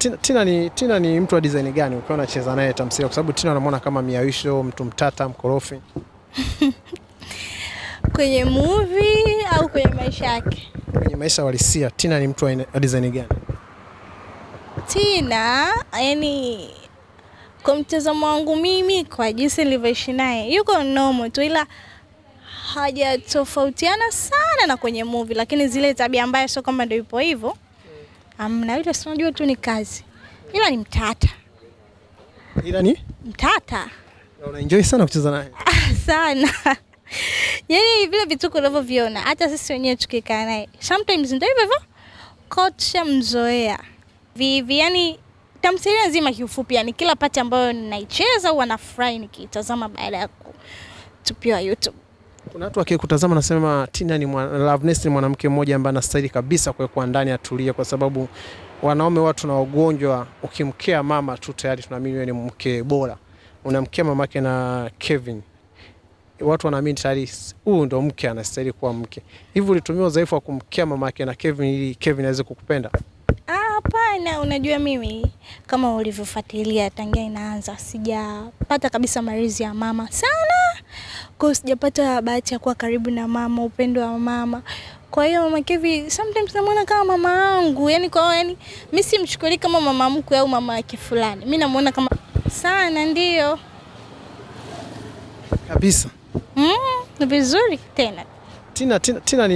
Tina, Tina, ni, Tina ni mtu wa design gani ukiwa unacheza naye tamthilia, kwa sababu Tina unamwona kama miawisho, mtu mtata, mkorofi kwenye movie au kwenye maisha yake? Kwenye maisha walisia Tina ni mtu wa design gani? Tina yani, kwa mtazamo wangu mimi, kwa jinsi nilivyoishi naye, yuko normal tu, ila hajatofautiana sana na kwenye movie, lakini zile tabia ambayo sio kama ndio ipo hivyo Amna ile si unajua tu ni kazi. Ila ni mtata. Ila ni? Mtata. Na una enjoy sana kucheza naye? Ah, sana. Yaani vile vituko unavyoviona hata sisi wenyewe tukikaa naye. Sometimes ndio hivyo hivyo. Kocha mzoea. Vivi yani tamthilia nzima kiufupi, yani kila pati ambayo ninaicheza huwa nafurahi nikitazama baada ya kutupiwa YouTube. Kuna watu wakikutazama nasema Tina ni Loveness ni mwanamke mmoja ambaye anastahili kabisa kuwekwa ndani atulie, kwa sababu wanaume watu na ugonjwa, ukimkea mama tu tayari tunaamini wewe ni mke bora. Unamkea mamake na Kevin, watu wanaamini tayari huyu ndo mke anastahili kuwa mke. Hivi ulitumia udhaifu wa kumkea mamake na Kevin ili Kevin aweze kukupenda? Ah, hapana, unajua mimi kama ulivyofuatilia tangia inaanza sijapata kabisa malezi ya mama sana kwa sijapata bahati ya kuwa karibu na mama, upendo wa mama. Kwa hiyo Mama Kevi sometimes namuona kama mama yangu, yani kwa yani mimi simchukulii kama mama mkwe au mama wake fulani, mimi namuona kama sana, ndiyo kabisa. Mm, vizuri tena. Tina, Tina, Tina ni